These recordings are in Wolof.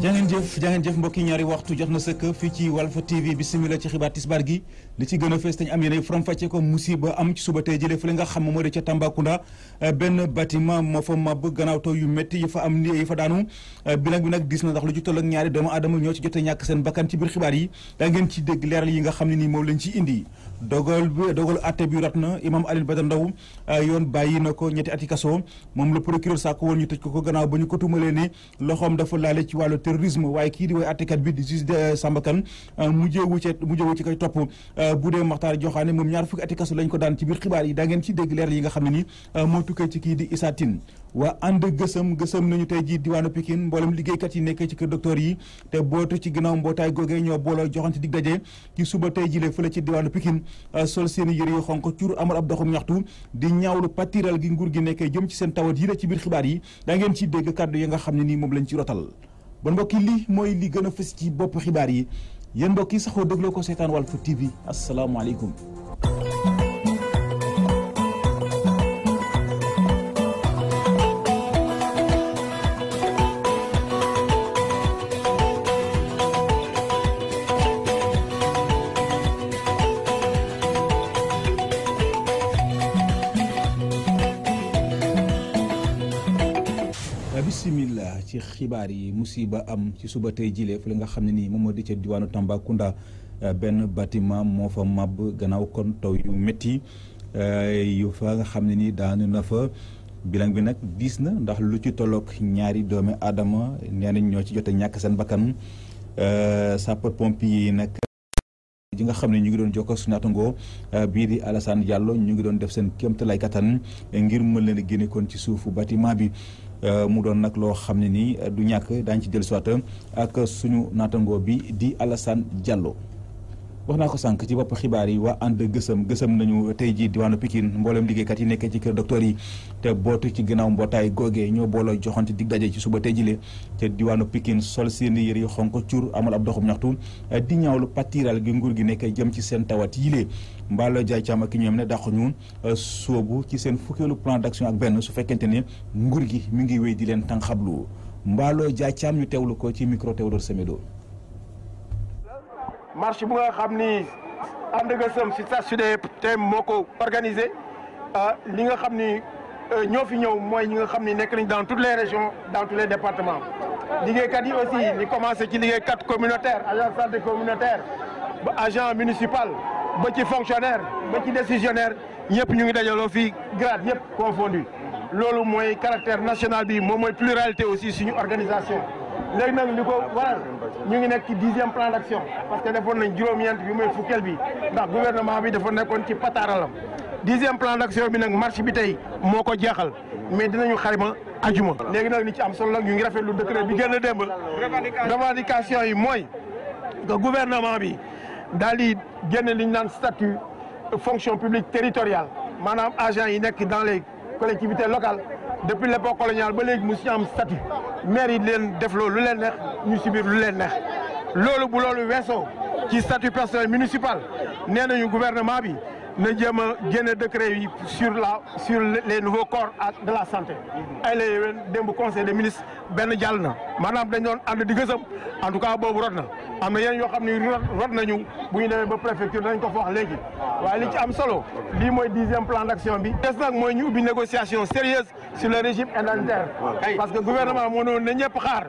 jangeen jëf jangeen jëf mbokki ñaari waxtu jot na sëkk fii ci Walf TV bisimilah ci xibaar tisbaar gi li ci gën a fees dañu am yéenay faram fàcce ko musiba am ci suba tey jëlee fële nga xam moo di ca Tambacounda eh, benn bâtiment yi fa fa eh, na ndax lu ci toll ak ñaari ci jotee ñàkk seen bakkan ci nga xam ne nii moom lañ ci indi dogal dogal atte bi rat na imam Alioune Badara Ndao eh, yoon bàyyi na ko ñetti ati kaso moom la procureur sàkk woon ñu tëj ko ko gannaaw ba ñu ko tuumalee loxoom dafa laale ci wàllu terrorisme waaye kii di way attekat bi di juge Samba Kane euh, mujjeewu ci koy topp euh, bu Maxtaar Joxaane moom ñaar fukki ati kaso lañ ko daan ci biir xibaar yi da ngeen ci dégg leer yi nga xam ne ni euh, moo tukkee ci kii di yi nekkee ci kër docteur yi te bootu ci ginnaaw mbootaay googee ñoo booloo joxante dig daje ci suba tey jii la fële ci diwaanu Pikine gi nguur gi nekkee jëm ci seen tawat yi la ci biir xibaar yi da ngeen ne nii moom lañ ci rotal bon mbokk yi lii mooy li gën a fës ci bopp xibaar yi yéen mbokk yi saxoo dégloo ko seetaan Walf TV asalaamaaleykum bisimilah ci xibaar yi musiba am ci suba tey jile fu li nga xam ne nii moom moo di ca diwaanu Tambacounda euh, benn batiment moo fa màbb gannaaw kon taw yu metti euh, yu fa nga xam ne nii daanu na fa bilan bi nag diis na ndax lu ci tolloog ñaari doomi aadama nee nañ ñoo ci jote ñàkk seen bakkan euh, sapeur pompier yi nag ji nga xam ne ñu ngi doon jokkoo suñu ngoo bii di Alassane Diallo ñu ngi doon def seen kéemtalaay kattan ngir mën leen a génne kon ci suufu batiment bi Euh, mu doon nag loo xam ne nii du ñàkk daañu ci dellusiwaat ak suñu naatango bi di Alassane Diallo. wax naa ko sànq ci bopp xibaar yi waa ànd gësëm gësëm nañu tey jii diwaanu Pikine mboolem liggéeykat yi nekkee ci kër docteur yi te bootu ci ginnaaw mbootaay googee ñoo booloo joxante di daje ci suba tey jile te diwaanu Pikine sol seeni yëre yu xonq cuur amal ab doxum ñaxtu di ñaawlu patiral gi nguur gi nekk jëm ci seen tawat yilee mbaalo jaay caam ak ñoom ne dàqu ñun euh, soobu ci seen fukkeelu plan action ak benn su fekkente ne nguur gi mi ngi wéy di leen tànxablu mbaaloo jaay caam ñu teewlu ko ci micro Théodore Semedo marché bu nga xam ni ànd nga sëm si sa sudee te moo ko organisé euh, li nga xam ni euh, ñoo fi ñëw mooy ñi nga xam ni nekk nañ dans toutes les régions dans tous les départements. liggéeykat yi aussi ni commencé ci liggéeykat communautaire agent santé communautaire ba agent municipal ba ci fonctionnaire ba ci décisionnaire ñëpp ñu ngi dajaloo fii grade ñëpp confondu loolu mooy caractère national bi moom mooy pluralité aussi suñu organisation. léegi nag ni ko waral ñu ngi nekk ci dixième plan d' action parce que defoon nañ juróom-ñeent bi mooy fukkeel bi ndax gouvernement bi dafa nekkoon ci pataaralam dixième plan d' action bi nag marché bi tey moo ko jeexal mais dinañu xarima ajuma léegi nag li ci am solo nag ñu ngi rafetlu décret bi gën a démb revendication yi mooy que gouvernement bi daal di génn li ñu naan statut fonction publique territoriale maanaam agent yi nekk dans les collectivités local depuis l coloniale ba léegi mu si am statut maire yi leen def loolu lu leen neex ñu subir lu leen neex loolu bu loolu weesoo ci statut personnel municipal nee nañu gouvernement bi na jéem a génne décret yi sur la sur le nouveaux corps de la santé ay la yoween démb conseil de ministre benn jàll na maanaam dañ doon ànd di gësam en tout cas boobu rot na am na yenn yoo xam ne rot nañu bu ñu demee ba préfecture dañ ko fa wax léegi waaye li am solo lii mooy dixième plan d'action bi des nag mooy ñu ubbi négociation sérieuse sur le régime indemnitaire parce que gouvernement moo noonu ne ñëpp xaar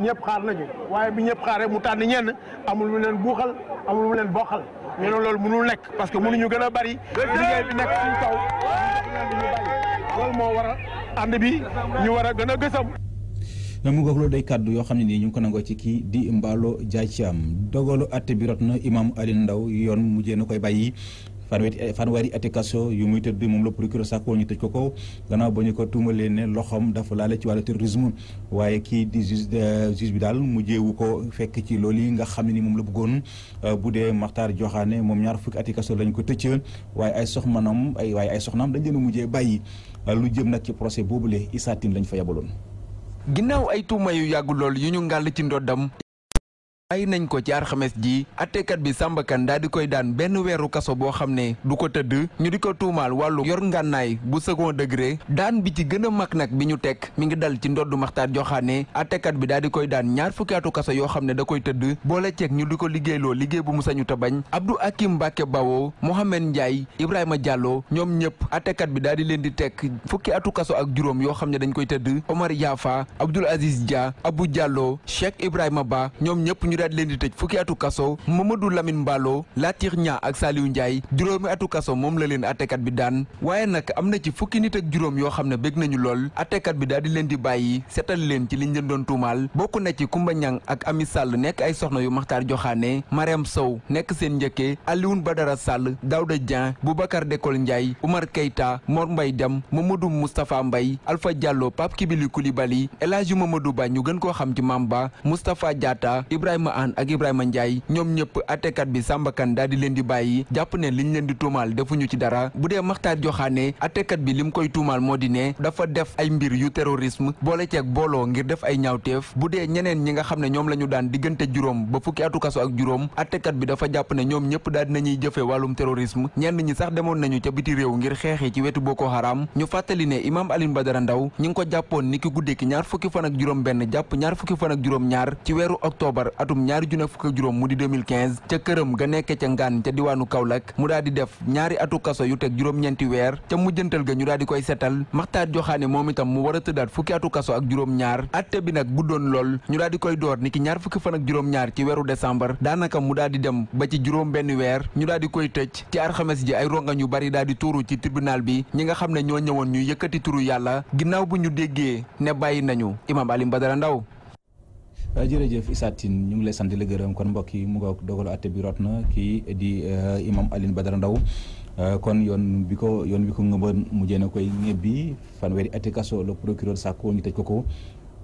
ñëpp xaar nañu waaye bi ñëpp xaar rek mu tànn ñenn amul mu leen buuxal amul mu leen boxal ñu ne loolu mënul nekk parce que mënuñu gën a bari liggéey bi nekk suñ kaw loolu moo war a ànd bi ñu war a gën a gësam mu ngoog loolu day kàddu yoo xam ne nii ñu ngi ko nangoo ci kii di Mballo Dia Thiam dogalu àtte bi rot na imam Alioune Ndao yoon mujjee na koy bàyyi fanweeri fanweeri ati kaso yu muy tëdd moom la procureur sàkkoo ñu tëj ko kaw gannaaw ba ñu ko ne loxoom dafa laale ci wàllu terrorisme waaye kii di juge bi daal mujjeewu ko fekk ci loolu yi nga xam ne ni moom la bëggoon euh, bu dee Maxtaar Joxaane moom ñaar fukki ati kaso lañ ko tëcc waaye ay soxmanam ay waaye ay soxnaam dañ leen a mujjee bàyyi euh, lu jëm nag ci procès boobu Issa Tine lañ fa yabaloon ginnaaw ay tuuma yu yàgg lool yu ñu ngàll ci ndoddam ay nañ ko ci arxames ji attekat bi Samba Kane daal di koy daan benn weeru kaso boo xam ne du ko tëdd ñu di ko tuumaal wàllu yor ngànnaay bu second degré daan bi ci gën a mag nag bi ñu tekk mi ngi dal ci ndoddu Maxtaar Joxaane attekat bi daal di koy daan ñaar fukki atu kaso yoo xam ne da koy tëdd boole ceeg ñu di ko liggéeyloo liggéey bu mu sañu ta bañ Abdou Hakim Mbacke Bawo Mohamed Ndiaye Ibrahima jàlloo ñoom ñëpp attekat bi daal di leen di tekk fukki atu kaso ak juróom yoo xam ne dañ koy tëdd Omar Yafa Abdoul Aziz Dia Abou Diallo Cheikh Ibrahima Ba ñoom ñëpp ñu daal leen di tëj fukki atu kaso Mamadou Lamine Mballo Latir Nia ak Saliou Ndiaye juróomi atu kaso moom la leen attekat bi daan waaye nag am na ci fukki nit ak juróom yoo xam ne bég nañu lool attekat bi daal di leen di bàyyi setal leen ci liñ leen doon tuumaal bokk na ci Kumba Ñang ak Ami Sall nekk ay soxna yu Maxtaar Joxaane Mariam Sow nekk seen njëkkee ba dara Sall Daouda Dieng Boubacar Décolle Ndiaye Oumar Keita Mor Mbaye Dam Mamadou Moustapha Mbaye Alpha Diallo Pape Kibili Koulibaly El Hadji Mamadou Ba ñu gën koo xam ci Mamba Moustapha Ibrahima Anne ak Ibrahima Ndiaye ñoom ñëpp attekat bi Samba Kane daal di leen di bàyyi jàpp ne liñ leen di tuumaal ñu ci dara bu dee Maxtaar Joxaane attekat bi lim koy tuumaal moo di ne dafa def ay mbir yu terrorisme boole ceeg booloo ngir def ay ñaawteef bu dee ñeneen ñi nga xam ne ñoom la ñu daan diggante juróom ba fukki atu kaso ak juróom attekat bi dafa jàpp ne ñoom ñëpp daal ñuy jëfe wàllum terrorisme ñenn ñi sax demoon nañu ca biti réew ngir xeexi ci wetu Boko Haram ñu fàttali ne Imam Alioune Badara Ndaw ñu ngi ko jàppoon ni ki guddeeki ñaar fukki fan ak juróom benn jàpp ñaar fukki fan ak juróom ñaar ci weeru octobre atum ñaari junne fukk ak juróom mu di 2015 ca këram ga nekke ca ngaan ca diwaanu Kaolack mu daal di def ñaari atu kaso yu teg juróom-ñeenti weer ca mujjantal ga ñu daal di koy setal maxtaar joxaane moom itam mu war a tëddaat fukki atu kaso ak juróom-ñaar atte bi nag guddoon lool ñu daal di koy door ni ki ñaar fukki fan ak juróom-ñaar ci weeru décembre daanaka mu daal di dem ba ci juróom benn weer ñu daal di koy tëj ci alxames ji ay rongañ yu bari daal di tuuru ci tribunal bi ñi nga xam ne ñoo ñëwoon ñu yëkkati turu yàlla ginnaaw bu ñu déggee ne bàyyi nañu imam Alioune Badara Ndao Euh, jërëjëf Issa Tine ñu ngi lay sant la gërëm kon mbokk yi mu nga dogalu àtte bi rot na kii di euh, imam Alioune Badara ndaw euh, kon yoon bi ko yoon bi ko ngëmban mujjee na koy ñebbi fanweeri atti kaso le procureur ko ko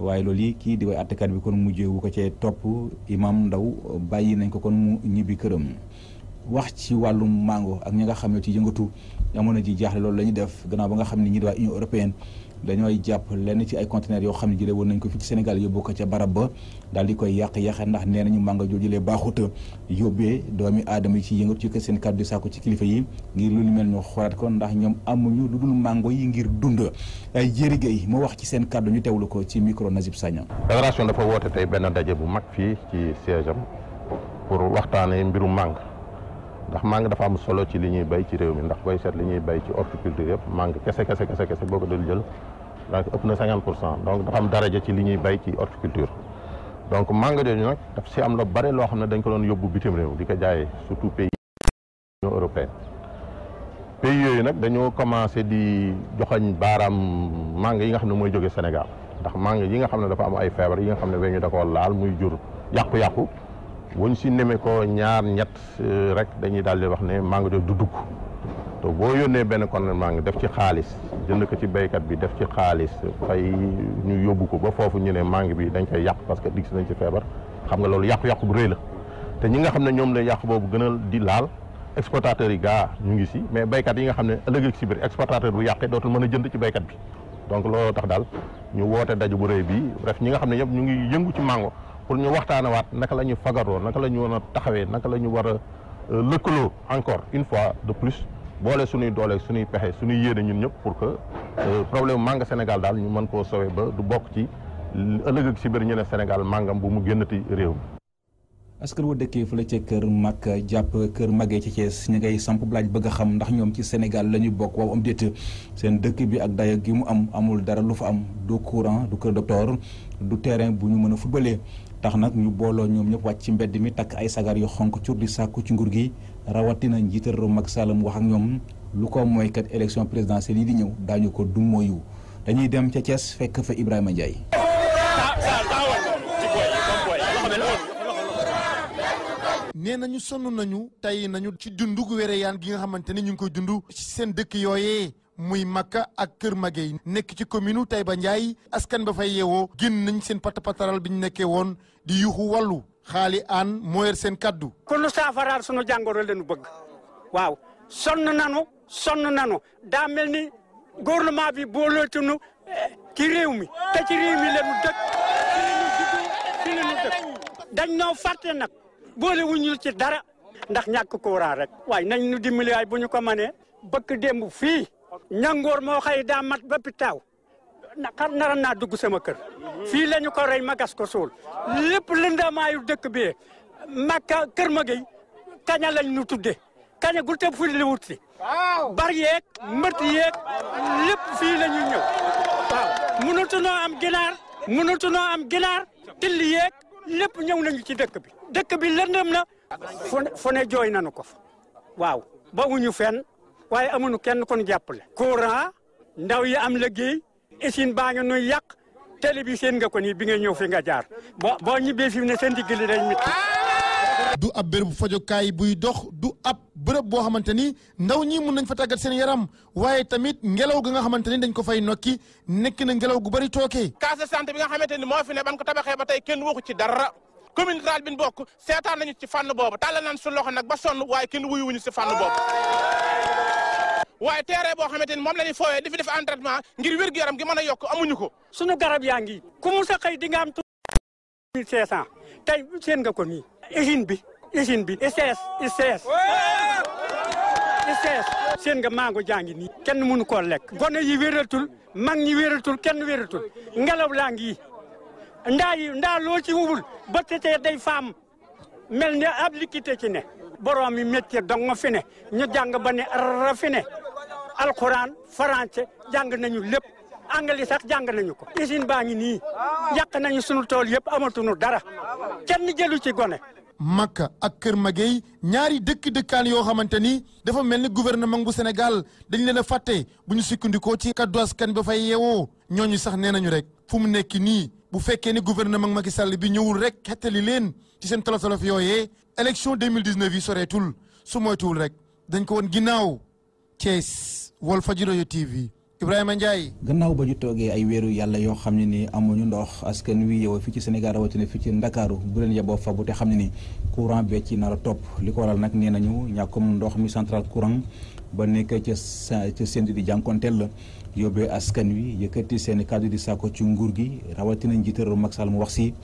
waaye loolu yi kii di way attekat bi kon mujjee wu ko cee topp imam ndaw bàyyi nañ ko kon mu ñibbi këram wax ci wàllum mango ak ñi nga xam ne ci yëngatu amoon na ji jaaxle loolu la def gannaaw ba nga xam ne ñi di waa Union européenne dañooy jàpp lenn ci ay conteneurs yoo xam ne jëlee woon nañ ko fii ci Sénégal yóbbu ko ca barab ba daal di koy yàq yàqe ndax nee nañu màngo jooju lee baaxut yóbbee doomi aadama yi ci yëngatu ci kër seen kàddu sàkku ci kilifa yi ngir lu ñu mel ñu xoolaat ko ndax ñoom amuñu lu dul màngo yi ngir dund ay jërigéey moo wax ci seen kàddu ñu teewlu ko ci micro Nazib Sagna fédération dafa woote tey benn daje bu mag fii ci siège am pour waxtaanee mbiru màng ndax màng dafa am solo ci li ñuy bay ci réew mi ndax booy seet li ñuy bay ci horticulture yëpp màng kese kese kese kese boo ko dul jël ndax ëpp na cinquante pour cent donc dafa am daraja ci li ñuy bay ci horticulture donc màng ñu nag daf si am la bare loo xam ne dañ ko doon yóbbu bitim réew di ka jaayee surtout pays union européenne pays yooyu nag dañoo commencé di joxañ baaraam màng yi nga xam ne mooy jóge Sénégal ndax màng yi nga xam ne dafa am ay feebar yi nga xam ne weñu da koo laal muy jur yàqu-yàqu buñ si neme ko ñaar ñett euh, rek dañuy daal di wax ne mango def du dugg te boo yónnee benn kon mango def ci xaalis jënd ko ci béykat bi def ci xaalis fay ñu yóbbu ko ba foofu ñu ne mango bi dañ koy yàq parce que digg si nañ ci feebar xam nga loolu yàqu-yàqu bu rëy la te ñi nga xam ne ñoom la yàq boobu gën a di laal exportateurs yi gaa ñu ngi si mais béykat yi nga xam ne ëllëg si biir exportateur bu yàqee dootul mën a jënd ci béykat bi donc looloo tax daal ñu woote bu rëy bi bref ñi nga xam ne ñëpp ñu ngi yëngu ci mango pour ñu waat naka la ñu fagaroo naka la ñu war a taxawee naka la ñu war euh, lëkkaloo encore une fois de plus boole suñuy doole suñuy pexe suñuy yéene ñun ñëpp pour que euh, problème manga Sénégal daal ñu mën koo soowee ba du bokk ci ëllëg ak si biir ñu ne Sénégal mangam bu mu génnati réew mi. askan wa dëkkee la ca kër mag jàpp kër magee ci Thiès ñu ngay samp laaj bëgg a xam ndax ñoom ci Sénégal la ñu bokk waaw am déet seen dëkk bi ak dayo gi mu am amul dara lu fa am du courant du kër docteur du terrain bu ñu mën a fubalee tax nag ñu booloo ñoom ñëpp wàcc ci mbedd mi takk ay sagar yu xonk cur di sàkku ci nguur gi rawatina njiital réew Macky mu wax ak ñoom lu ko mooy kat élection présidentielle yi di ñëw daañu ko du dañuy dem ca Thiès fekk fa Ibrahima Ndiaye. nee nañu sonn nañu tey nañu ci dund dundug wéreyaan gi nga xamante ni ñu ngi koy dund ci seen dëkk yooyee. muy Makka ak Kër Magey nekk ci commune Taïba Ndiaye askan ba fay yeewoo génn nañ seen patapataral bi ñu nekkee woon di yuuxu wàllu xaali aan mooyal seen kaddu. ku nu saafaraal sunu jàngoro lañu bëgg waaw sonn nanu sonn nanu daa mel ni gouvernement bi boolootuñu eh, ci réew mi te ci réew mi lañu dëkk fi lañu dëkk dañ ñoo nag boole wuñu ci dara ndax ñàkk courant rek waaye nañ ñu dimbali bu ñu ko mënee bëkk démb fii. ñangoor moo xëy daa mat ba pitaaw xar naran naa dugg sama kër fii la ko rey ma gas ko suul lépp lëndamaayu dëkk bi makka kër ma kaña lañ nu tudde kaña gu tëb fu li si bar yeeg mbët yeeg lépp fii la ñu ñëw waaw mënatunoo am ginaar mënatunoo am ginaar till yeeg lépp ñëw nañu ci dëkk bi dëkk bi lëndëm na fu ne jooy nañu ko fa waaw ba wuñu fenn waaye amuñu kenn kon le courant ndaw yi am liggéey usine baa nga nuy yàq télé bi seen nga ko nii bi nga ñëw fi nga jaar boo boo ñibbee fi mu ne seen digg li dañ mit du ab bërëb fajokaay buy dox du ab bërëb boo xamante ni ndaw ñi mun nañ fa tàggat seen yaram waaye tamit ngelaw ga nga xamante ni dañ ko fay nokki nekk na ngelaw gu bari tooke. case de bi nga xamante ni moo fi ne ban ko tabaxee ba tey kenn waxu ci dara commune rurale bi ñu bokk seetaan nañu ci fànn boobu tàllal nañ suñu loxo nag ba sonn waaye kenn wuyu wuñu si fànn boobu. waaye terrain boo xamante ni moom la ñuy fooyee di fi def entraînement ngir wér-gu-yaram gi mën a yokk amuñu ko. sunu garab yaa ngi ku mu sa xëy di nga am 1500 tey seen nga ko nii. usine bi usine bi. ICS ICS. ICS. seen nga mango jaa ngi nii. kenn munu koo lekk. gone yi wératul mag ñi wératul kenn wératul ngelaw laa ngi ndaa yi ndaa loo ci wubul ba tete day faam mel ne ab liquide ci ne. borom yi métier dong fi ne ñu jàng ba ne ra fi ne. alxuraan français jàng nañu lépp anglais sax jàng nañu ko. usine baa ngi nii yàq nañu sunu tool yëpp amatuñu dara kenn jëlu ci gone. Makka ak Kër Maguey ñaari dëkk-dëkkaan yoo xamante ni dafa mel ni gouvernement bu Sénégal dañu leen a fàtte bu ñu sukkandikoo ci kaddu askan ba fay yeewoo ñooñu sax nee nañu rek fu mu nekk nii bu fekkee ni gouvernement Macky Sall bi ñëwul rek xettali leen ci seen tolof-tolof yooyee élection 2019 yi soreetul su moytuwul rek dañ ko woon ginnaaw Thiès. Walfadjri yo TV Ibrahima Ndiaye. gannaaw ba ñu toogee ay weeru yàlla yoo xam ne ni amuñu ndox askan wi yow fii ci Sénégal rawatina fii ci Ndakaaru bu leen yeboo fabu te xam ne ni courant bee ci nar topp li ko waral nag nee nañu ñàkkum ndox mi central courant ba nekk ca ca Sendou di jànkonteel la yóbbee askan wi yëkkati seen kàddu di sàkko ci nguur gi rawatina njiitaru Macky Sall mu wax si.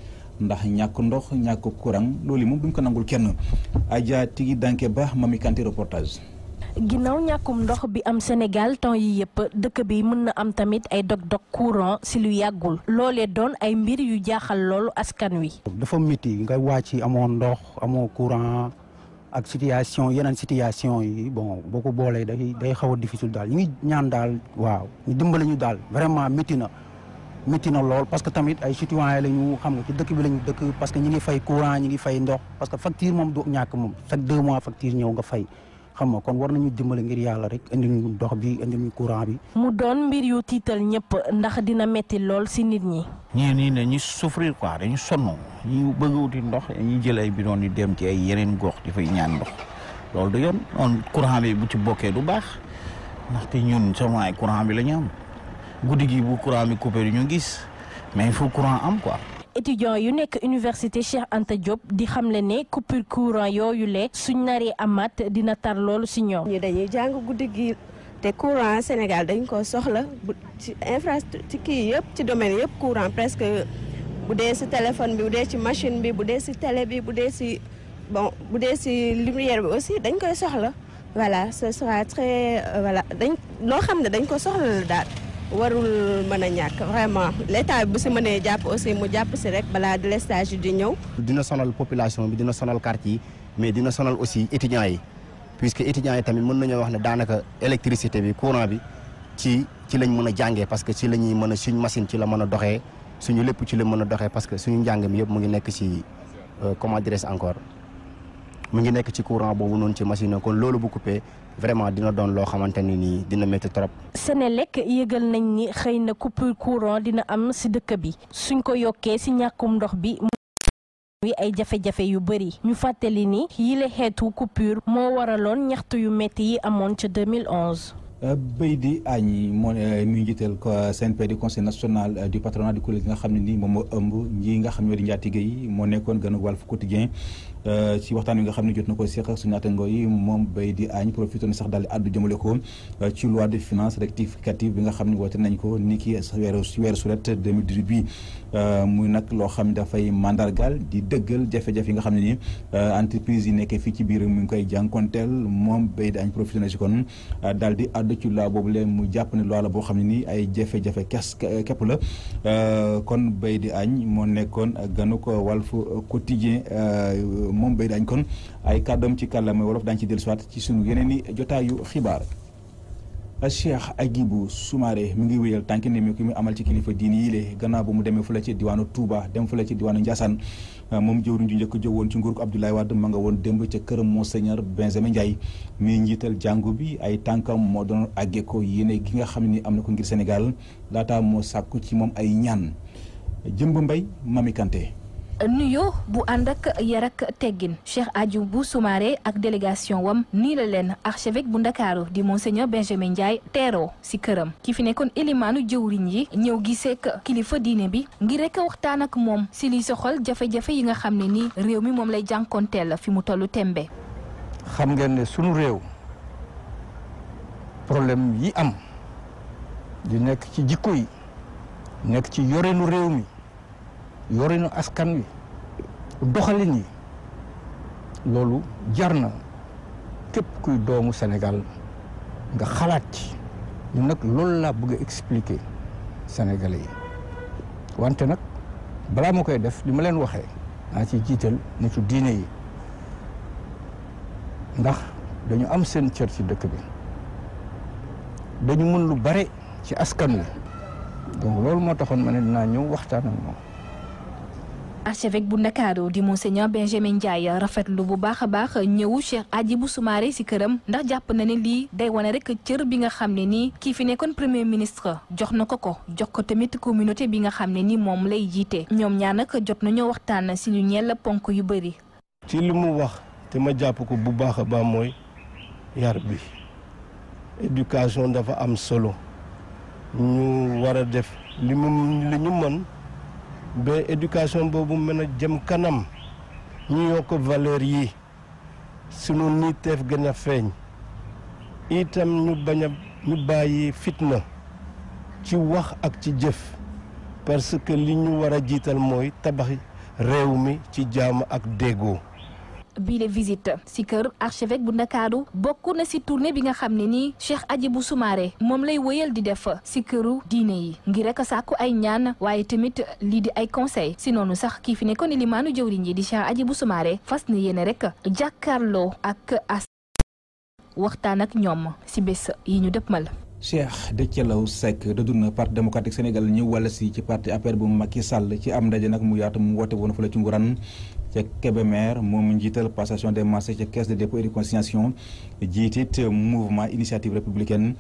ndax ñàkk ndox ñàkk courant loolu moom duñ ko nangul kenn Adja Tigi Danke Ba Mami Kanté reportage ginnaaw ñàkkum ndox bi am Sénégal temps yi yëpp dëkk bi mën na am tamit ay dog-dog courant si lu yàggul loole doon ay mbir yu jaaxal loolu askan wi. dafa métti nga wàcc amoon ndox amoo courant ak situation yeneen situation yi bon boo ko boolee day day xaw a difficile daal ñu ngi ñaan daal waaw ñu dimbale ñu daal vraiment métti na. métti na lool parce que tamit ay citoyen la ñu xam nga ci dëkk bi la ñu dëkk parce ñi ngi fay courant ñi ngi fay ndox parce que facture moom du ñàkk moom chaque deux mois ñëw nga fay xam nga kon war nañu dimbale ngir yàlla rek indi ñu dox bi indi mu courant bi. mu doon mbir yu tiital ñëpp ndax dina metti lool si nit ñi. ñii nii dañuy souffrir quoi dañu sonn ñu bëgg wuti ndox dañuy jël bi bidon di dem ci ay yeneen gox di fay ñaan ndox loolu du yoon courant bi bu ci bokkee du baax ndaxte ñun sama ay courant bi la ñu am guddi gi bu courant bi coupé du ñu gis mais il courant am quoi. étudiants yu nekk université Cheikh Anta Diop di xamle ne coupure courant yooyu le suñ naree amat dina tar loolu si ñoom. ñu dañuy jàng guddi gi te courant Sénégal dañ ko soxla bu ci infrastructure kii yëpp ci domaine yëpp courant presque bu dee si téléphone bi bu dee ci machine bi bu dee si télé bi bu dee si bon bu dee si lumière bi aussi dañ koy soxla voilà ce sera très euh, voilà dañ loo xam ne dañ ko soxla la daal. warul man a ñàkk vraiment l'état bi bu si mënee jàpp aussi mu jàpp si rek balaa délestage yi di ñëw. dina sonal population bi dina sonal quartier yi mais dina sonal aussi étudiants yi que étudiants yi tamit mën nañoo wax ne daanaka électricité bi courant bi ci ci lañ mën a jàngee parce que ci la ñuy mën a suñ machine ci la mën a doxee suñu lépp ci la mën a doxee parce que suñu njàng mi yëpp mu ngi nekk ci euh, comment dirais encore mu ngi nekk ci courant boobu noonu ci machine kon loolu bu coupé vraiment dina doon loo xamante ni nii dina métti trop. Senelec yëgal nañ ni xëy na coupure courant dina am ci dëkk bi suñ ko yokkee ci ñàkkum ndox bi. wi ay jafe-jafe yu bëri ñu fàttali ni yile xeetu coupure moo waraloon ñaxtu yu metti yi amoon ca 2011. Euh, Beydi Agne moo euh, muy njiital CNP euh, di conseil national du patronat du kuréel gi nga xam ne nii moom moo ëmb ñi nga xam ñoo di njaatige moo nekkoon gën a Walf Quotidien Euh, ci waxtaan wi nga xam ne jot na ko seq suñu naatango yi moom bay di añ profité na sax dal di addu jëmale ko euh, ci loi de finance rectificative bi nga xam ne woote nañ ko ni ki weeru weeru sulet 2018 bi Euh, muy nag loo xam dafay mandargal di dëggal jafe-jafe yi nga xam ne ni euh, entreprise yi nekkee fii ci biir mu ngi koy jànkonteel moom bay daañ profité na kon euh, daal di àddu ci boobu leen mu jàpp ne loi boo xam ne ni ay jafe-jafe képp la kon bay di añ moo nekkoon ganu ko Walf Quotidien moom bay di añ kon ay kàddoom ci kàllaama wolof daañu ci dellu dellusiwaat ci sunu yeneen i jotaayu xibaar Cheikh Agibou Soumaré mu ngi wéyal tànki ne mi ki mu amal ci kilifa diini yi le gannaaw ba mu demee fu la ci diwaanu Touba dem fu la ci diwaanu Ndiassane ah, moom jëwriñ ju njëkk jëwoon ci nguurug Abdoulaye Wade ma nga woon démb ca këram Monseigneur Benjamin Ndiaye mi njiital jàngu bi ay tànkam moo doon àggee ko yéene ki nga xam ni am na ko ngir senegal laata moo sàkku ci moom ay ñaan jëmb mbay Mami nuyo bu ànd ak yar ak teggin Cheikh Hadjibou Soumaré ak délégation wam nii la leen archevêque bu ndakaaru di monseigneur Benjamin Ndiaye teeroo ci këram ki fi nekkoon élimaanu jëwriñ yi ñëw gisee ak kilifa diine bi ngir rek waxtaan ak moom ci liy soxal jafe-jafe yi nga xam ne nii réew mi moom lay jànkonteel fi mu tollu tembe xam nga ne sunu réew problème yi am di nekk ci jikko yi nekk ci yorenu réew mi yorinu askan wi doxalin yi loolu jar na képp kuy doomu Sénégal nga xalaat ci ñu nag loolu laa bëgg a expliquer yi wante nag balaa ma koy def li ma leen waxee naa ci jiital nitu diine yi ndax dañu am seen cër ci dëkk bi dañu mën lu bare ci askan wi donc loolu moo taxoon ma ne dinaa ñëw waxtaan moom archevêque bu Ndakaaru di monseigneur Benjamin Ndiaye rafetlu bu baax a baax ñëwu Cheikh Hadjibou Soumaré si këram ndax jàpp na ne lii day wane rek cër bi nga xam ne nii kii fi nekkoon premier ministre jox na ko ko jox ko te tamit communauté bi nga xam ne ni moom lay jiite ñoom ñaar nag jot nañu waxtaan si lu ñeel ponk yu bëri. ci li mu wax te ma jàpp ko bu baax a baax mooy yar bi éducation dafa am solo ñu war def li li ñu mën. ba éducation boobu mën a jëm kanam ñu yokk valeur yi sunu niiteef gën a feeñ itam ñu bañ ñu bàyyi fitna ci wax ak ci jëf parce que li ñu war a jiital mooy tabax réew mi ci jàmm ak déggoo bii le visite si kër archevêque bu ndakaaru bokk na si tourne bi nga xam ne nii Cheikh Hadjibou Soumaré moom lay wëyal di def si këru diine yi ngir rek sàkku ay ñaan waaye tamit lii di ay conseil si noonu sax kii fi nekkoon ni limaanu jëwriñ yi di Cheikh Hadjibou Soumaré fas na yéene rek jàkkaarloo ak as waxtaan ak ñoom si bés yi ñu dëppmal Cheikh Déthié Law Seck dëddu na parti démocratique Sénégal ñëw wala si ci parti APR bu Macky Sall ci am ndaje nag mu yaatu woote woon fa la ci nguran ca Kébémer moom njiital passation des marchés ca caisse de dépôt et de jiit jiitit mouvement initiative républicaine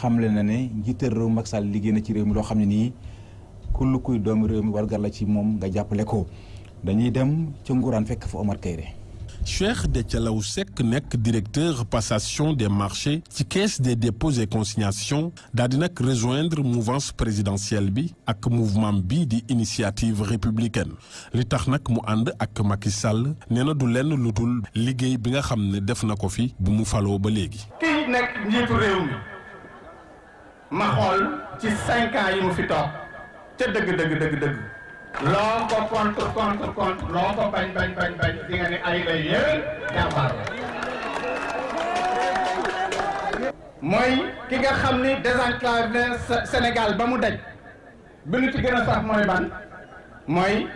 xamle na ne njiital réew Macky Sall liggéey na ci réew mi loo xam ne nii kull kuy doomu réew mi wargal la ci moom nga jàppale ko dañuy dem ca Ngourane fekk fa Omar Kayre Cheikh Dethialaw Seck nekk directeur passation des marchés ci caisse des dépôts et consignations daal di nag rejoindre mouvance présidentielle bi ak mouvement bi di initiative républicaine li tax nag mu ànd ak Macky Sall nee na du lenn lutul liggéey bi nga xam ne def na ko fi bu mu faloo ba léegi. kii nekk njiitu réew mi ma xool ci cinq yi mu fi toog ca dëgg dëgg dëgg. loo ko contre contre contre loo ko bañ bañ bañ bañ di nga ne ay lay yéen jàmbaar mooy ki nga xam ni Sénégal ba mu daj bi lu ci gën a sax mooy ban mooy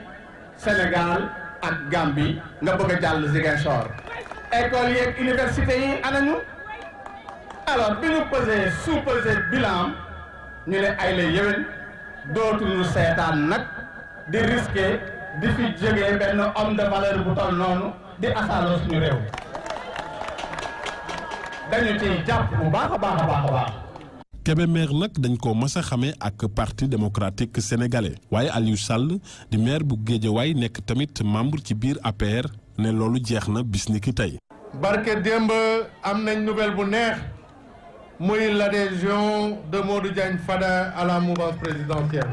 Sénégal ak Gambie nga bëgg a jàll Ziguinchor école yeeg université yi anañu alors bi ñu pesé sous pesé ñu ne ay lay yéwén dootuñu seetaan nag di risqué di fi jógee benn homme de valeur bu noonu di asaaloo suñu réew dañu ciy jàpp bu baax baax baax a baax. nag dañ ko mës a xamee ak parti démocratique sénégalais waaye Aliou Sall di maire bu Guédiawaye nekk tamit membre ci biir APR ne loolu jeex na bisnik tey. barke démb am nañ nouvelle bu neex muy l'adhésion de Modou Diagne Fada à la présidentielle.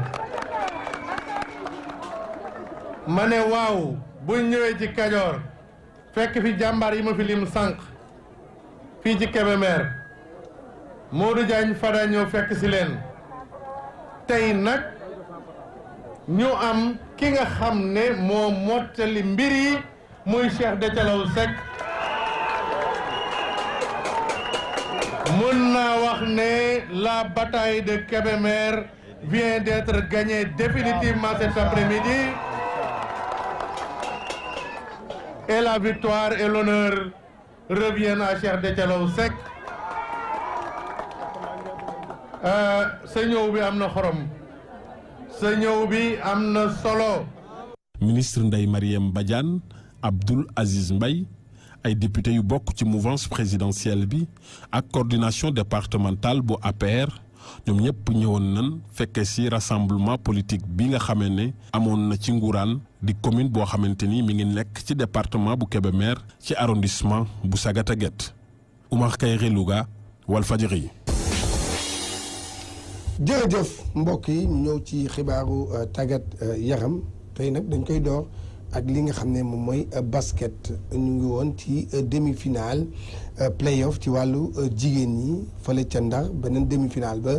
ma ne waaw buñ ñëwee ci Kajoor fekk fi jàmbar yi ma fi lim sànq fii ci Kébémer Modou Diagne Fada ñëw fekk si leen tey nag ñu am ki nga xam ne moo mottali mbir yi muy Cheikh Déthié Lal Seck mun naa wax ne la bataille de Kébémer vient d'être gagnée définitivement cet après-midi la victoire et l'honneur reviennent à Cheikh Dethialaw Seck euh, sa ñëw bi am na xorom sa ñëw bi am na solo. ministre Ndeye Marième Badiane Abdoul Aziz Mbaye ay député yu bokk ci mouvance présidentielle bi ak coordination départementale bu APR ñoom ñëpp ñëwoon nan fekke ci rassemblement politique bi nga xamee ne amoon na ci nguuraan di commune boo xamante ni mi ngi nekk ci département bu Kébémer ci arrondissement bu Sagataguet Oumar Kayre Louga Walfadjri yi jërëjëf mbokk yi ñëw ci xibaaru euh, tàggat euh, yaram tey nag dañ koy door ak li nga xam ne moom mooy euh, basket ñu ngi woon ci demi-finale play-off ci wàllu jigéen ñi fële ca Ndar beneen demi-finale ba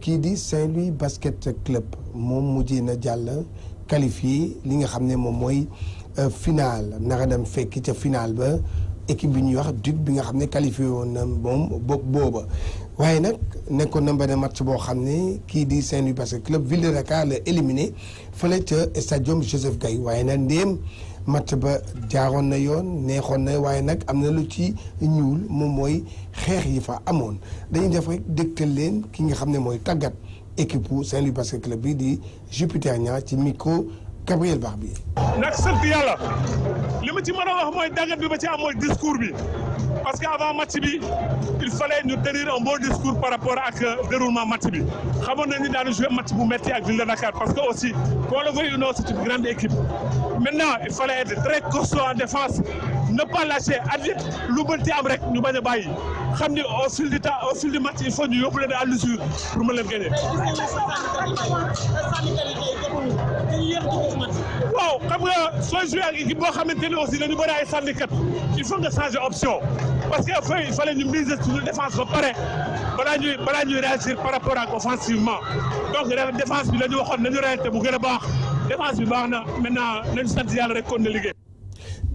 kii di Saint-Louis basket club moom mujjee na jàll qualifié li nga xam ne moom mooy euh, final naka dem fekk ca final ba équipe bi ñuy wax duc bi nga xam ne qualifié woon na moom booba waaye nag nekkoon na benn match boo xam ne kii di Saint-Louis parce que club ville de Dakar la éliminé fële ca stadium Joseph Gaye waaye nag ndéem match ba jaaroon na yoon neexoon na waaye nag am na lu ci ñuul moom mooy xeex yi fa amoon dañu def rek dégtal leen ki nga xam ne mooy tàggat. équipe bu Saint-Louis basket club bi di Jupiter ñaar ci micro Gabriel Barbier. nag sant yàlla li ma ci mën a wax mooy dàggat bi ba ci am mooy discours bi parce que avant match bi il fallait ñu tenir un bon discours par rapport ak euh, déroulement match bi xamoon nañu daanu jouer match bu métti ak ville de Dakar parce que aussi qu'on le veuille ou non c'est une grande équipe maintenant il fallait être très costaud en défense. ne pas lâcher adit lu mënti am rek ñu bañ a bàyyi xam ni au fil du temps au fil du match il faut ñu yóbbu leen à l'usure pour mën leen gagner waaw xam nga soo joué ak équipe boo xamante ne aussi dañu bëri ay sànnikat il faut nga changer option parce que fay il fallait ñu miser suñu défense ba pare balaa ñuy balaa ñuy réagir par rapport ak offensivement donc défense bi la ñu waxoon nañu réalité bu gën a baax défense bi baax na maintenant nañu sant yàlla rek kon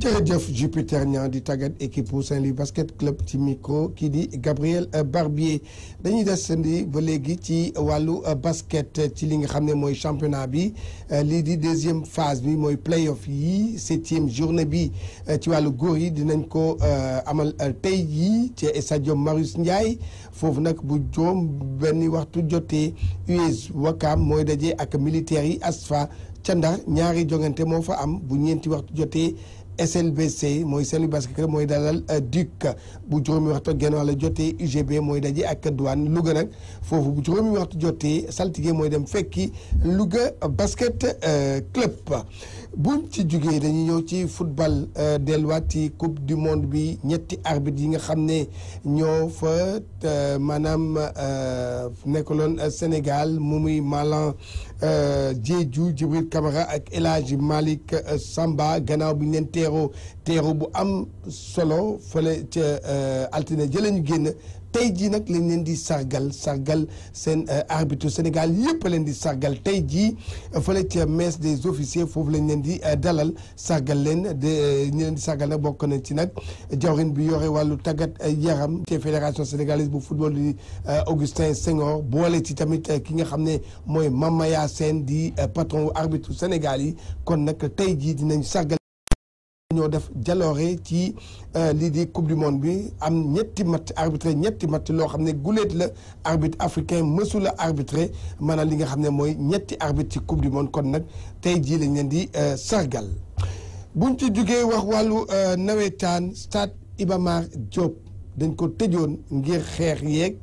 jëf Jupiter Niang di tàggat équipe bu Saint-Louis basket club ci micro kii di Gabriel euh, Barbier dañuy desandi ba léegi ci wàllu euh, basket ci li nga xam ne mooy championnat bi euh, lii di deuxième phase bi mooy play-off yi septième journée bi ci wàllu góor yi dinañ ko amal tey jii ci stade Marius Ndiaye foofu nag bu juróom benn waxtu jotee US Wakam mooy daje ak militaires yi ASFA ca Ndar ñaari jongante moo fa am bu ñeenti waxtu jotee. SNBC mooy seenu basket mooy dalal euh, DUC bu juróomi waxtu ak genn jotee UGB mooy daje ak douane Louga nag foofu bu juróomi waxtu jotee saltige mooy dem fekki Louga basket euh, club buñ ci jugee dañuy ñëw ci football euh, delluwaat ci coupe du monde bi ñetti arbitre yi nga xam ne ñoo fa maanaam nekkaloon Sénégal mu muy Malang Diédhiou Djibril Camara ak El Hadji Samba gannaaw bi ñu teeru teeru bu am solo fële ca euh, altine jële ñu génn tey jii nag lañ leen di sargal sargal seen euh, arbitre Sénégal yëpp leen di sargal tey jii fële ca messe des officiers foofu lañ leen di euh, dalal sargal leen de ñi leen di sargal nag bokk nañ ci nag jawrin bi yore wàllu tàggat yaram ci fédération sénégalaise bu football di Augustin Senghor boole ci tamit ki nga xam ne mooy Mamaya seen di patron arbitre Sénégal yi kon nag tey jii dinañ sargal ñoo def jaloore ci euh, lii di coupe du monde bi am ñetti mat arbitré ñetti mat loo xam ne guléet la arbitre africain mësu la arbitré maanaam li nga xam ne mooy ñetti arbitre ci coupe du monde kon nag tey jii lañ leen di euh, sargal buñ ci jugee wax wàllu euh, nawetaan stade Iba Mar dañ ko tëjoon ngir xeex yéeg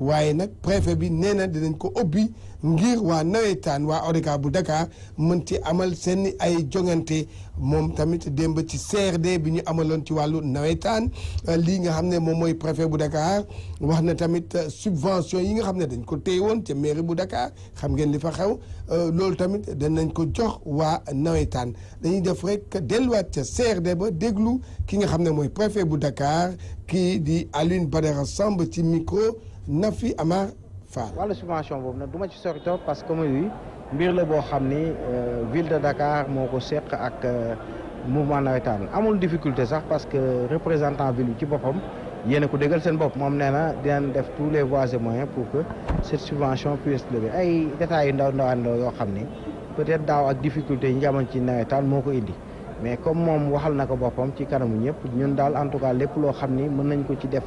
waaye nag préfet bi nee na dinañ ko ëbbi ngir waa nawetaan waa ODCAV bu Dakar mën ci amal seen ay jongante moom tamit démb ci CRD bi ñu amaloon ci wàllu nawetaan lii nga xam ne moom mooy préfet bu Dakar wax na tamit subvention yi nga xam ne dañ ko téye woon ca mairie bu Dakar xam ngeen li fa xew euh, loolu tamit danañ ko jox waa nawetaan dañuy def rek delluwaat ca CRD ba déglu ki nga xam ne mooy préfet bu Dakar kii di Alioune Badara Samb ci micro Nafi Amar Fall. wàllu subvention boobu nag du ma ci sori trop parce que muy mbir la boo xam ni euh, ville de Dakar moo ko seq ak euh, mouvement nawetaan amul difficulté sax parce que représentant ville bi ci boppam yéen a ko déggal seen bopp moom nee na dinañ def tous les voies et moyens pour que cette subvention puisse lever ay détails yu ndaw ndawaan yoo xam ni peut-être daaw ak difficulté yi ñu amoon ci nawetaan moo ko indi. mais comme moom waxal na ko boppam ci kanamu ñëpp ñun daal en tout cas lépp loo xam ni mën nañ ko ci def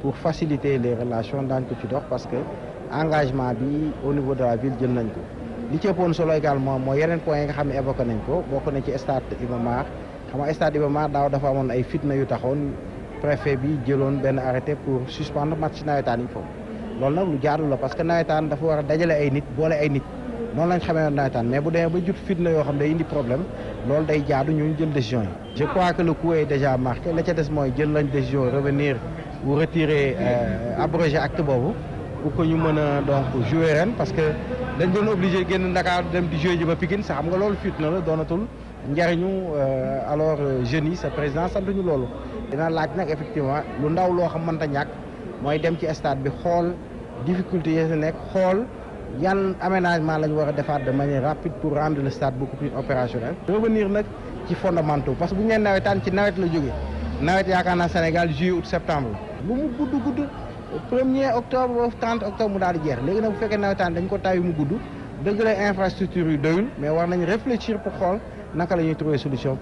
pour faciliter les relations daañ ko ci dox parce que engagement bi au niveau de la ville jël nañ ko li ci ëppoon solo également mooy yeneen point nga xam ne évoqué nañ ko bokk na ci stade Iba Mar xam nga stade Iba Mar daaw dafa amoon ay fitna yu taxoon préfet bi jëloon benn arrêté pour suspendre match nawetaan yi foofu lool nag lu jaadu la parce que nawetaan dafa war a dajale ay nit boole ay nit noonu lañ xamee woon mais bu demee ba jut fitna yoo xam day indi problème loolu day jaadu ñu jël décision yi. je crois que le coup est déjà marqué la ca des mooy jël lañ décision revenir ou retirer euh, abrogé boobu. bu ko ñu mën a donc jouer ren parce que dañ doon obligé génn Dakar dem di jouer ba Pikine sa xam nga loolu fuite la doonatul njariñu euh, alors euh, jeunes yi sa président ñu loolu. dina laaj nag effectivement lu ndaw loo xam mënta ñàkk mooy dem ci stade bi xool difficulté yi sa nekk xool yan aménagement la ñu war a defaat de manière rapide pour rendre le stade beaucoup plus opérationnel. revenir nag ci fondamentaux parce que bu ñu nee nawetaan ci nawet la jógee nawet yaakaar naa Sénégal juillet août septembre lu premier octobre ba octobre mu daal di jeex léegi nag bu fekkee nawetaan dañ ko taw mu gudd dëgg la infrastructure yu doyul mais war nañu réfléchir pour xool naka la ñuy trouver solution.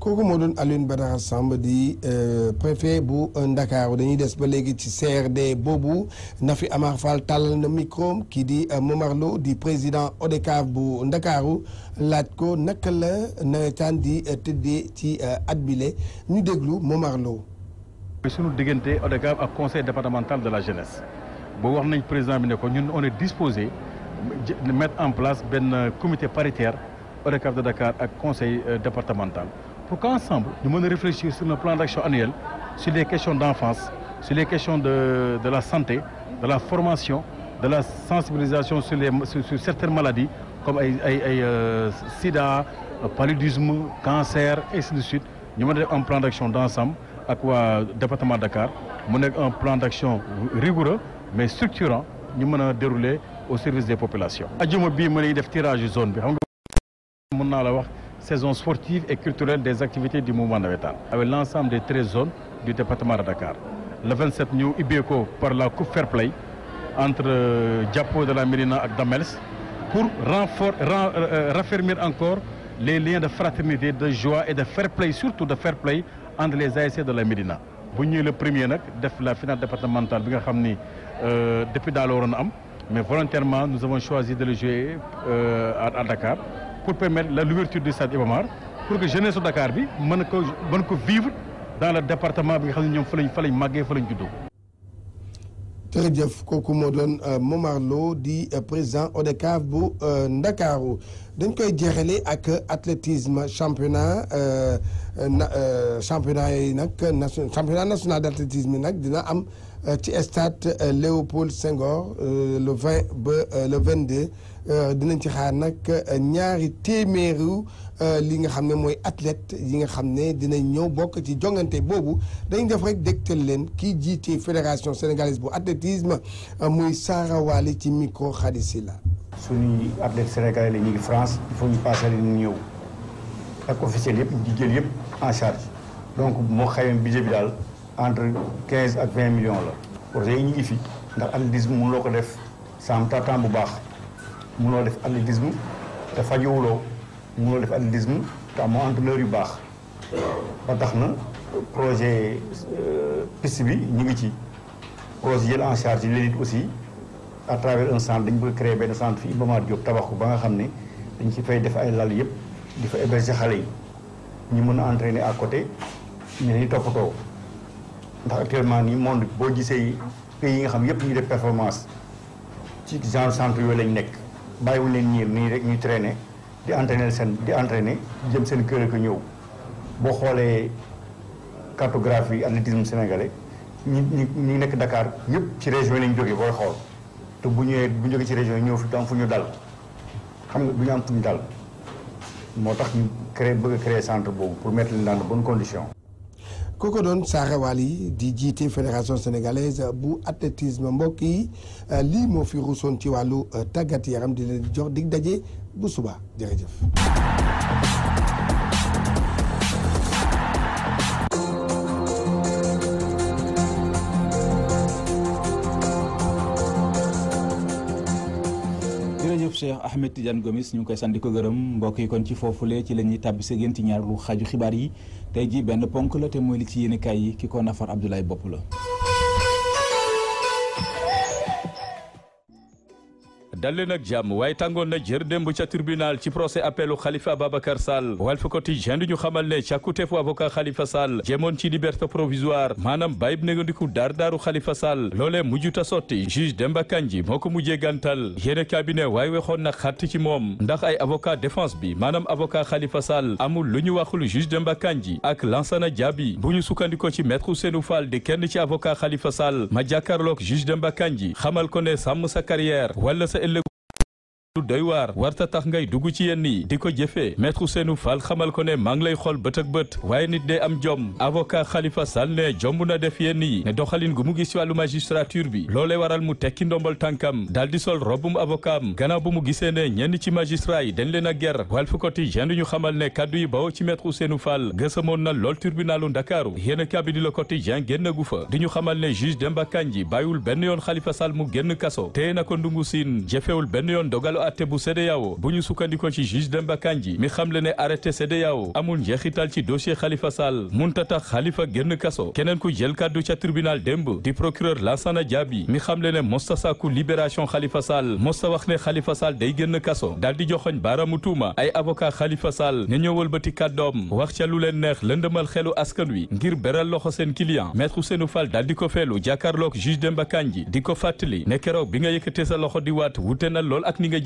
kooku moo doon Alioune Badara Samb di euh, préfet bu euh, Ndakaaru dañuy des ba léegi ci CRD boobu fi Amar Fall tàllal na micro kii di euh, Momar di président ODCAV bu Ndakaaru laaj ko naka la nawetaan di tëddee ci at bile ñu déglu Momar suñu diggante ODCAV ak conseil départemental de la jeunesse boo wax nañ président bi ne ko ñun on est disposé mettre en place benn comité paritaire ODCAV de Dakar ak conseil euh, départemental pour qu'ensemble ñu mën a réfléchir sur le plan d'action annuel sur les questions d'enfance sur les questions de la santé de la formation de la sensibilisation sur les sur, sur certaines maladies comme ay ay ay euh, sida paludisme cancer et ainsi de suite ñu mën a def un plan d'action d'ensemble ak waa département Dakar mu nekk un plan d'action rigoureux mais structurant ñu mën a dérouler au service des populations. ajuma bii mën nañu def tirage zone bi xam nga la wax saison sportive et des activités du mouvement navétane avec l'ensemble des treize zones du département de Dakar le 27 ñu ubbeekoo par la coupe fair play entre euh, Diapo de la Médina ak Damels pour renfor euh, euh, raffermir encore les liens de fraternité de joie et de fair play surtout de fair play entre les ASC de la Médina bu ñëwee le premier nag def la finale départementale bi nga xam ni euh, depuis daal la am mais volontairement nous avons choisi de le jouer euh, à Dakar pour permettre la l'ouverture du stade Iba pour que jeunesse su Dakar bi mën ko vivre dans le département bi nga xam ne ñoom fa lañ fa lañ màggee jërëjëf kooku moo doon euh, di euh, président ODCAV bu euh, Ndakaaru dañ koy jeexale ak athlétisme championnat championnat yi nag championnat national d' athlétisme yi nag dina am ci stade Léopold Senghor le 20 ba le 22 dinañ ci xaar nag ñaari téeméeru. Euh, li nga xam ne mooy athlète yi nga xam ne dinañ ñëw bokk ci jongante boobu dañ def rek dégtal leen kii jiite fédération sénégalaise bu athlétisme euh, muy Sara Wali ci micro xadisi la suñuy athlète sénégalais la ñu ngi France il faut ñu passé leen ñëw ak officiel yëpp di jël yëpp en charge donc moo xayma budget bi daal entre quinze ak million la pour yi ñu ngi fi ndax mu loo ko def sam taataan bu baax mu mënuloo def athlétisme te fajowuloo mënoo def athlétisme te amoo entraîneur yu baax ba tax na projet euh, piste bi ñu ngi ci projet jël en charge yi leen it aussi à travers un centre dañ bëgg créer benn centre fii Iba Mar Diop tabax ko ba nga xam ne dañ ci fay def ay lal yëpp di fa héberger xale yi ñu mun a entraîner à côté ñu leen toppatoo ndax actuellement nii monde boo gisee pays yi nga xam yëpp ñu def performance ci genre centre yooyu lañ nekk bàyyiwuñ leen ñiir nii rek ñuy traîner di entraîner seen di entraîner jëm seen kër ak ñëw boo xoolee cartographie athlétisme sénégalais ñi ñi ñi nekk ndakaar ñëpp ci région yi lañ jóge boo xool te bu ñëwee bu ñu jógee ci région yi ñëw fi du fu ñu dal xam nga du ñu am fu ñu dal moo tax ñu créé bëgg a créer centre boobu pour mettre leen dans de bonnes conditions. doon Saare Waly di jiite fédération sénégalaise bu athlétisme mbokk yi lii moo fi ruusoon ci wàllu tàggat yaram di leen jox dig daje. bu subaa jërëjëf. jërëjëf Cheikh Ahmed Tidiane Gomis ñu koy sant di ko gërëm mbokk yi kon ci foofulee ci la ñuy tàbbi sa génn ñaar lu xaju xibaar yi tey jii benn ponk la te mooy li ci yéenekaay yi ki ko nafar Abdoulaye Bopp la dalli nag jàmm waaye tàngoon na jër démb ca tribunal ci procès appelu Khalifa Ababacar Sall Walf Quotidien di ñu xamal ne càkkuteefu avocat Khalifa Sall jéemoon ci liberté provisoire maanaam bàyyib négandiku daar daaru Khalifa Sall loolee mujjuta sotti juge Demba Kandji moo ko mujjee gàntal yéene cabinet waaye waxoon na xatt ci moom ndax ay avocat défense bi maanaam avocat Khalifa Sall amul lu ñu waxul juge Demba Kandji ak Lansana Diaby bu ñu sukkandiko ci maître Ousseynou Fall di kenn ci avocat Khalifa Sall ma jàkkaarloog juge Demba Kandji xamal ko ne sàmm sa carrière lu doy waar warta tax ngay dugg ci yenn yi di ko jëfee maître seenu Fall xamal ko ne maa ngi lay xool bët ak bët waaye nit day am jom avocat Khalifa Sall ne jomb na def yenn yi ne doxalin gu mu gis ci wàllu magistrature bi loolee waral mu tekki ndombal tànkam daal di sol robum avocat am gannaaw bu mu gisee ne ñenn ci magistrat yi dañ leen a ger Walf Quotidien ñu xamal ne kaddu yi bawoo ci maître Ousseynou Fall gësamoon na lool tribunalu Ndakaaru yéen a kabidi Le Quotidien génn gu fa di ñu xamal ne juge Demba Kandji bàyyiwul benn yoon Khalifa Sall mu génn kaso téye na ko ndungu siin jëfewul benn yoon dogal atte bu CEDEAO bu ñu sukkandiko ci juge Demba Kandji mi xamle ne arrêté CEDEAO amul njeexital ci dossier Khalifa Sall munta tax Khalifa génn kaso keneen ku jël kàddu ca tribunal démb di procureur Lansana Diaby mi le ne mosta sàkku libération Khalifa Sall sa wax ne xalifa Sall day génn kaso daal di joxoñ baaraamu tuuma ay avocat Khalifa Sall ña ñëwal bëti kàddoom wax ca lu leen neex lëndëmal xelu askan wi ngir beral loxo seen client maître Ousseynou Fall di ko feelu jàkkaarloog juge Demba Kandji di ko fàttali ne keroog bi nga yëkkatee sa di waat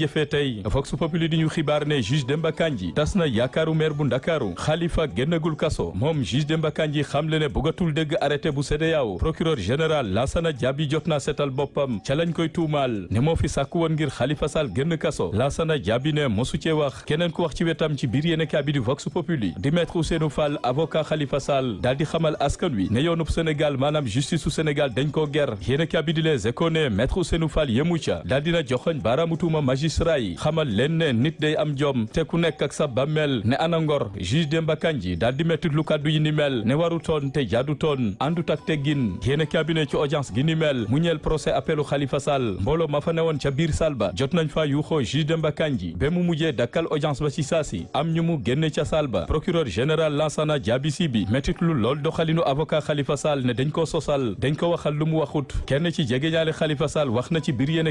jafe-jafe tey Vox Populi di ñu xibaar ne juge Demba Kandji tas na yaakaaru maire bu Ndakaaru Khalifa génnagul kaso moom juge Demba ne bëggatul dégg arrêté bu CEDEAO procureur général Lassana Diaby jot naa seetal boppam ca lañ koy tuumaal ne moo fi sàkku woon ngir Khalifa Sall génn kaso Lassana Diaby ne mosu cee wax keneen ku wax ci wetam ci biir yéene kaabi di Vox Populi di maître Ousseynou Fall avocat Khalifa Sall daal di xamal askan wi ne yoonub Sénégal maanaam justice su Sénégal dañ koo ger yéene kaabi di les écone maître Ousseynou Fall yemu ca daal dina joxoñ baaraamu tuuma magistrat magistrat yi xamal leen ne nit day am jom te ku nekk ak sa bammeel ne ana ngor juge Demba Kandji daal di métti lu kaddu yi ni mel ne warutoon te jaadutoon àndut ak teggin yéene cabinet ci audience gi ni mel mu ñeel procès appelu xalifa Sall mbooloo ma fa woon ca biir salle jot nañ fa yuuxoo juge Demba Kandji ba mu mujjee dakkal audience ba ci saasi am ñu mu génne ca salle ba procureur général Lansana Diabisi bi métti lu lool doxalinu avocat xalifa Sall ne dañ ko sosal dañ ko waxal lu mu waxut kenn ci jegeñaale Khalifa Sall wax na ci biir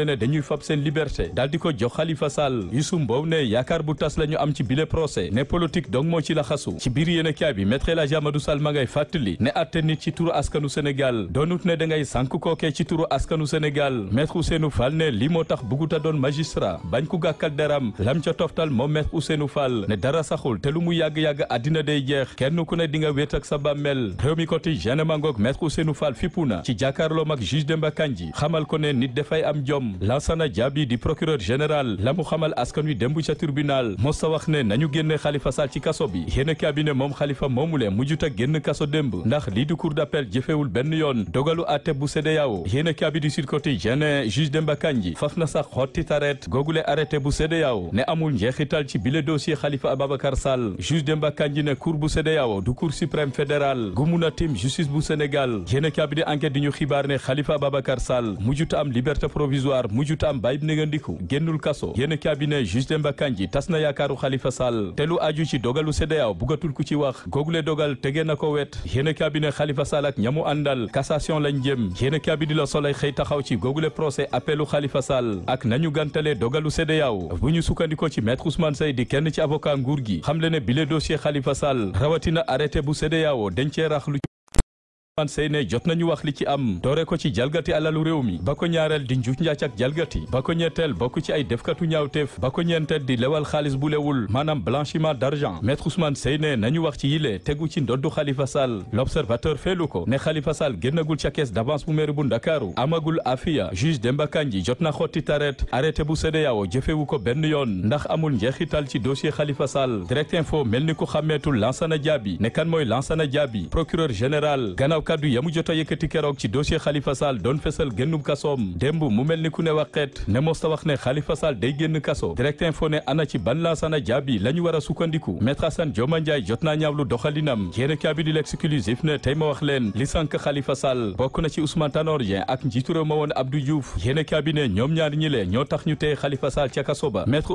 xamle ne dañuy fab seen liberté daal di ko jox Khalifa Sall Youssou Mbow ne yaakaar bu tas la am ci bile procès ne politique dong moo ci la ci biir yéen a bi maître El Hadji Amadou Sall ma ngay fàttali ne atte nit ci turu askanu Sénégal doonut ne da ngay sànk kookee ci turu askanu Sénégal maître Ousseynou Fall ne lii moo tax buguta doon magistrat bañ ko gàkkal daram lam ca toftal moom maître Ousseynou Fall ne dara saxul te lu mu yàgg-yàgg àddina day jeex kenn ku ne di nga wéet ak sa bàmmeel réew mi koti genemangoog moom Lansana Diaby di procureur général la mu xamal askan wi démb ca tribunal mosta wax ne nañu génne Khalifa Sall ci kaso bi yéen cabinet moom Khalifa moomule mujjut a génn kaso démb ndax lii di cour d'appel jëfewul benn yoon dogalu àtte bu CEDEAO yéen cabinet du Sud Quotidien juge Demba Kandji faf na sax xotti taret googule arrêté bu CEDEAO ne amul njeexital ci bile dossier Khalifa Ababacar Sall juge Demba Kandji ne cour bu CEDEAO du cour suprême fédéral a tim justice bu Sénégal yéen cabinet ñu xibaar ne Khalifa Ababacar Sall mujjut am liberté Sarr mujjut am bàyyib négandiku génnul kaso yéen cabinet juge Demba Kandji tas na yaakaaru Khalifa Sall te lu aju ci dogalu CEDEAO bëggatul ku ci wax googule dogal tege na ko wet yéen cabinet Khalifa Sall ak ñamu àndal cassation lañ jëm yéen cabinet la Soleil xëy taxaw ci googule procès appelu Khalifa Sall ak nañu gantale dogalu CEDEAO bu ñu sukkandiko ci maître Ousmane Seye di kenn ci avocat nguur gi xam le ne bile dossier Khalifa Sall rawatina arrêté bu CEDEAO dencee rax lu Ousmane Seyne jot nañu wax li ci am doore ko ci jalgati alalu réew mi ba ko ñaareel di njuuj njaac ak jalgati ba ko ñetteel bokk ci ay defkatu ñaawteef ba ko ñeenteel di lewal xaalis bu lewul maanaam blanchiment d'argent maître Ousmane Seyne nañu wax ci yile tegu ci ndoddu Khalifa Sall l'observateur feelu ko ne Khalifa Sall génnagul ca caisse d'avance bu mairie bu Ndakaaru amagul afiya juge Demba Kandji jot na xotti taret arrêté bu CEDEAO jëfewu ko benn yoon ndax amul njeexital ci dossier xalifa Sall direct info mel ni ku xàmmeetul Lansana Diaby ne kan mooy Lansana Diaby procureur général gannaaw kaddu yamu jot a yëkkati keroog ci dossier Khalifa Sall doon fesal génnum kasoom démb mu mel ni ku ne waxeet ne mosta wax ne Khalifa Sall day génn kaso direct info ne ana ci ban Lansana Diaby la ñu war a sukkandiku maître Assane Dioma Ndiaye jot naa ñaawlu doxalinam yéen kaabi di l'exclusif ne tey ma wax leen li sànk Khalifa Sall bokk na ci Ousmane Tanor Dieng ak njiitu ma woon Abdou Diouf yéen kaabi ñoom ñaar ñi le ñoo tax ñu tey Khalifa Sall ca kaso ba maître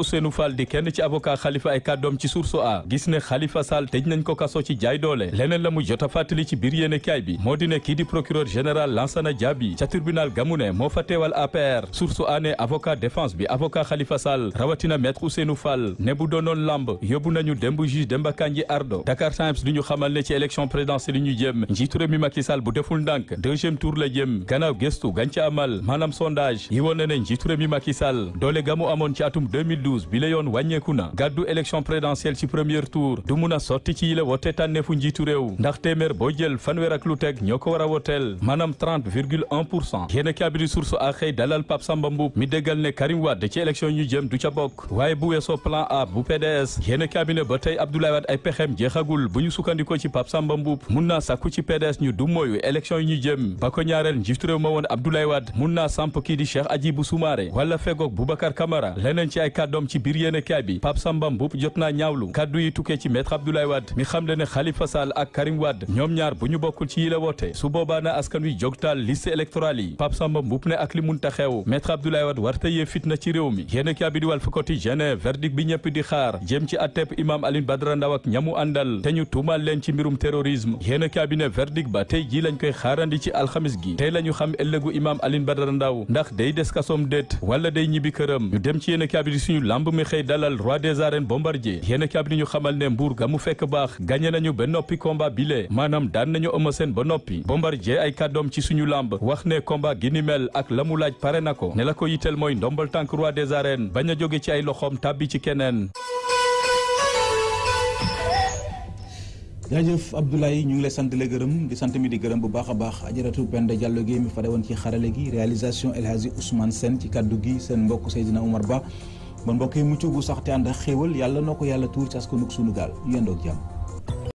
a a moo di ne kii di procureur général Lansana Diaby ca tribunal gamu ne moo fa teewal APR source aané avocat défense bi avocat Khalifa Sall rawatina maître Ousseynou fal ne bu doonoon lamb yóbbu nañu démb juge Demba Kandji Ardo Dakar Times li ñu xamal ne ci élection présidentielle ñu jëm njiitu réew mi Macky Sall bu deful ndànk deuxième tour la jëm gannaaw gëstu gànca amal maanaam sondage yi woon na ne njiitu réew mi Macky Sall doole gamu amoon ci atum 2012 bi la yoon wàññeeku na gàddu élection présidentielle ci premier tour du mun a sotti ci yile wote tànneefu njiitu réew ndax téeméer boo jël fanweer ak teg ñoo ko war a woteel maanaam 30 virgule 1 pour cent yéen a kaabiri source a xëy dalal Pape Samba Mboup mi déggal ne Karim Wade ci élection ñu jëm du ca bokk waaye bu weesoo plan A bu PDS yéen a kaabine ba tey Abdoulaye Wade ay pexem jeexagul bu ñu sukkandikoo ci Pape Samba Mboup mun naa sàkku ci PDS ñu du mooyu élection yi ñu jëm ba ko ñaareel njiitu réew ma woon Abdoulaye Wade mun naa samp kii di Cheikh Adjibou Soumaré wala fegoog Boubacar leneen ci ay kàddoom ci biir yéen a kaabi la woote su boobaa na askan wi jogtaal liste électorale yi Pape Samba Mboup ne ak li munta xew maître Abdoulaye Wade warte yee fitna ci réew mi yéen a kaabi di Walf Quotidien verdict bi ñëpp di xaar jëm ci atteb imam Alioune Badara Ndao ak ñamu àndal te ñu tuumaal leen ci mbirum terrorisme yéen a kaabi ne verdict ba tey ji lañ koy xaarandi ci alxamis gi tey la ñu xam ëllëgu imam Alioune Badara Ndao ndax day des kasoom déet wala day ñibbi këram ñu dem ci yéen a kaabi di suñu lamb mi xëy dalal roi des arènes bombardier yéen a kaabi di ñu xamal noppi Bombardier ay kàddoom ci suñu làmb wax ne combat gi ni mel ak la mu laaj pare na ko ne la ko yitteel mooy ndombal tànk roi des arènes bañ a jóge ci ay loxoom tàbbi ci keneen. jaajëf Abdoulaye ñu ngi lay sant gërëm di sant mi di gërëm bu baax a baax ajaratu Penda Diallo gi mi fare woon ci xarale gi réalisation El Hadji Ousmane ci kàddu gi seen mbokk Seydina Omar Ba bon mbokk yi mucc gu sax te ànd ak yàlla noo ko yàlla tuur ci askanug sunu gaal